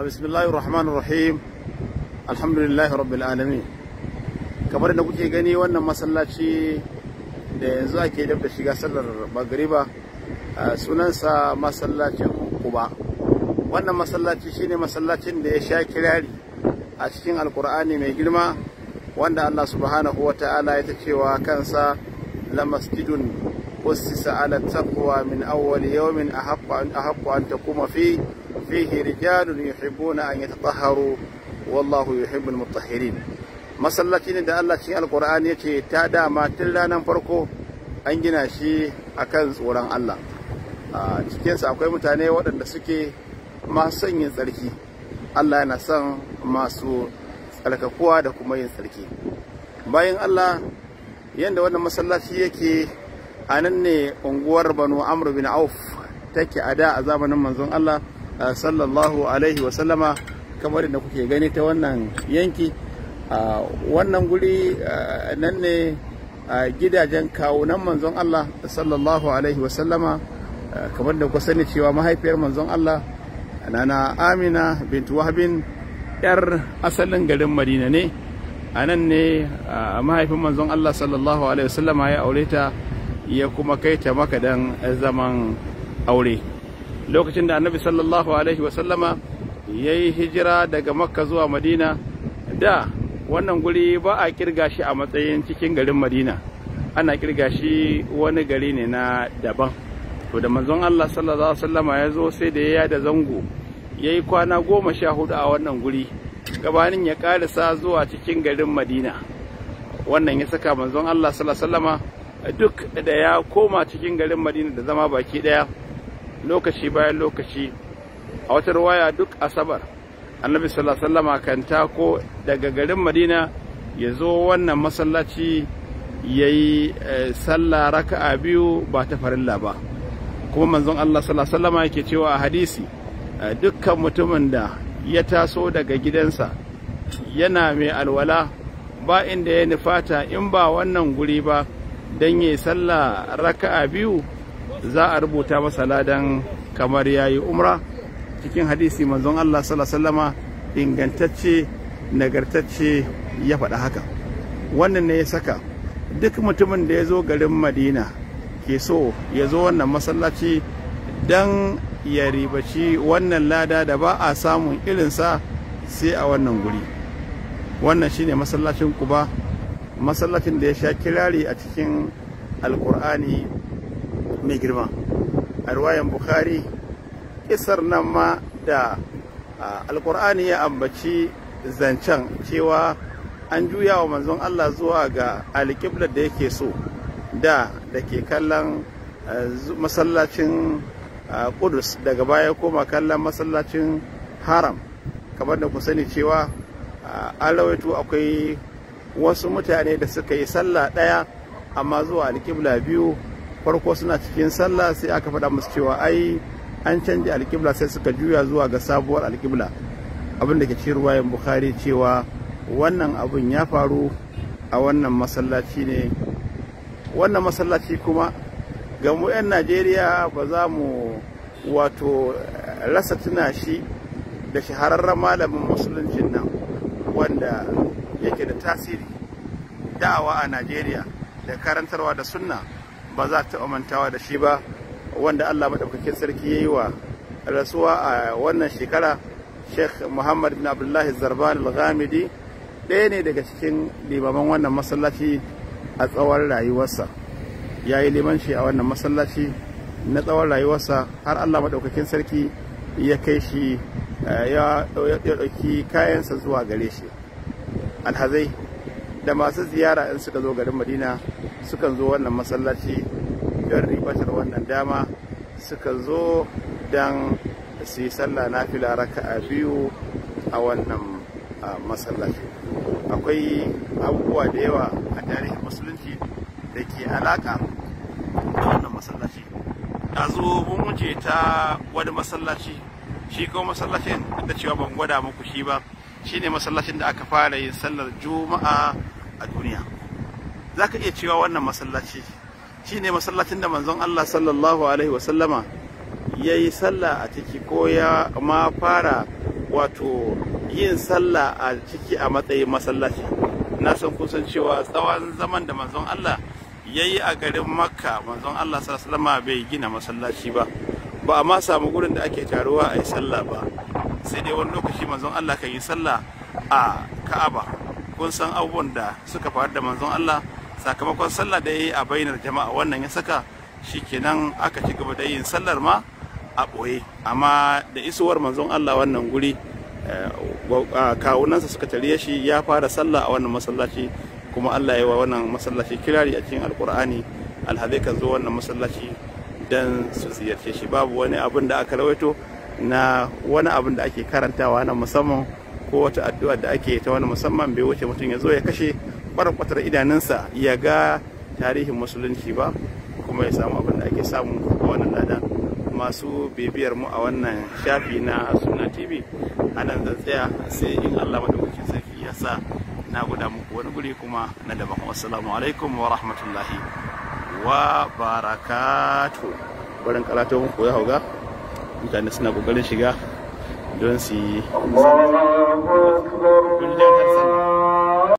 بسم الله الرحمن الرحيم الحمد لله رب العالمين kamar da kuke gani wannan masallaci da yanzu ake dab da shiga sallar magriba sunansa masallacin kuba wannan masallaci shine masallacin da ya sha kirari a cikin alkur'ani mai girma wanda Allah subhanahu wa ta'ala ya ta cewa kansa la masjidun ussisa ala taqwa min awwal yawmin ahaqqa an taquma fi fihi rijalun yuhibbuna an wallahu yuhibbul mutahhirin masallaci ne da Allah cikin alkur'ani ya ce ta dama tun ranar farko an gina shi akan tsoron Allah a cikinsa akwai mutane waɗanda suke masu son yin tsarki Allah yana son masu tsarkakuwa da kuma yin tsarki bayan Allah yadda wannan masallaci yake a nan ne unguwar Bano amr bin auf take a da a zamanin manzon Allah sallallahu alaihi wasallama kamar da kuke gani ta wannan yanki wannan guri nan ne gidajen kawunan manzon Allah sallallahu alaihi wasallama kamar da kuka sani cewa mahaifiyar manzon Allah nana Amina bintu Wahbin yar asalin garin Madina ne a nan ne mahaifin manzon Allah sallallahu alaihi wasallama ya aure ta ya kuma kai ta maka dan zaman aure lokacin da annabi sallallahu alaihi wasallama ya yi hijira daga makka zuwa madina da wannan guri ba a kirga shi a matsayin cikin garin madina ana kirga shi wani gari ne na daban to da manzon allah sallallahu alaihi wasallama ya zo sai da ya da zango ya yi kwana goma sha hudu a wannan guri gabanin ya karisa zuwa cikin garin madina wannan ya saka manzon allah sallallahu alaihi wasallama duk da ya koma cikin garin madina da zama baki daya lokaci bayan lokaci a wata ruwaya duk asabar annabi sallallahu kan tako daga garin madina ya zo wannan masallaci ya yi eh, sallah raka'a biyu ba ta farilla ba kuma manzon Allah sallallahu cewa a hadisi eh, dukkan mutumin da ya taso daga gidansa yana mai alwala ba inda ya nufata in ba wannan guri ba don ya yi sallah raka'a biyu za a rubuta masa ladan kamar ya yi umra cikin hadisi manzon Allah sallallahu ingantacce nagartacce ya faɗa haka wannan ne ya saka duk mutumin da ya zo garin madina ke so ya zo wannan masallaci don ya ribaci wannan lada da ba a samun irinsa sai a wannan guri wannan shine masallacin kuba masallacin da ya sha kirari a cikin alkur'ani mai girma a ruwayan bukhari kisar nan ma da alkur'ani ya ambaci zancen cewa an juya wa manzon Allah zuwa ga alƙiblar da yake so da da ke kallon masallacin kudus daga baya koma kallon masallacin haram kamar da ku sani cewa an rawaito akwai wasu mutane da suka yi sallah ɗaya amma zuwa alƙibla biyu farko suna cikin sallah sai aka faɗa musu cewa ai an canji alƙibla sai suka juya zuwa ga sabuwar alƙibla abin da ke cikin ruwayan bukhari cewa wannan abin ya faru a wannan masallaci ne wannan masallaci kuma ga mu 'yan najeriya ba za mu wato rasa tuna shi da shahararren malamin musuluncin nan wanda yake da tasiri da'awa a najeriya da karantarwa da sunna ba za ta mantawa da shi ba wanda Allah madaukakin sarki ya yi wa rasuwa a wannan shekara Sheikh Muhammad bin Abdullahi Zarban Al-Ghamidi ɗaya ne daga cikin limaman wannan masallaci a tsawon rayuwarsa ya yi shi a wannan masallaci na tsawon rayuwarsa har Allah maɗaukakin sarki ya kai shi eh, ya ɗauki kayansa zuwa gare shi alhazai da masu ziyara in suka zo garin madina sukan zo wannan masallaci don ribatar wannan dama suka zo don su yi sallah na fila a biyu a wannan masallaci akwai abubuwa da yawa a tarihin musulunci da ke alaka da wannan masallaci a zo mun wuce ta wani masallaci shi kuma masallacin da cewa ban gwada muku shi ba shine masallacin da aka fara yin sallar juma'a a duniya za ka iya cewa wannan masallaci shi ne masallacin da manzon Allah sallallahu alaihi wasallama ya yi sallah a ciki ko ya ma fara wato yin sallah a ciki a matsayin masallaci na san kusan cewa tsawon zaman da manzon Allah ya yi a garin makka manzon Allah sallama bai gina masallaci ba ba a ma samu gurin da ake taruwa a yi sallah ba sai dai wani lokaci manzon Allah kan yi sallah a ka'aba kun san abubuwan da suka faru da manzon Allah sakamakon sallah da yayi a bainar jama'a wannan ya saka shi shikenan aka ci gaba da yin sallar ma a ɓoye amma da isuwar manzon Allah wannan guri eh, kawunansa suka tare shi ya fara sallah a wannan masallaci kuma Allah ya wa wannan masallaci kirari a cikin alkur'ani alhazai kan zo wannan masallaci dan su ziyarce shi babu wani abin da aka rawaito na wani abin da ake karantawa na musamman ko wata addu'a da ake ta wani musamman bai wuce mutum ya zo ya kashe barakwatar idanunsa ya ga tarihin musulunci ba kuma ya samu abin da ake samu a wannan lada masu bibiyar mu a wannan shafi na suna tv anan zan tsaya sai in allah madaukakin sarki ya sa na guda muku wani guri kuma na daban wasu alaikum wa rahmatullahi wa barakatu barin kalato muku ya hauga mutane suna kokarin shiga don su yi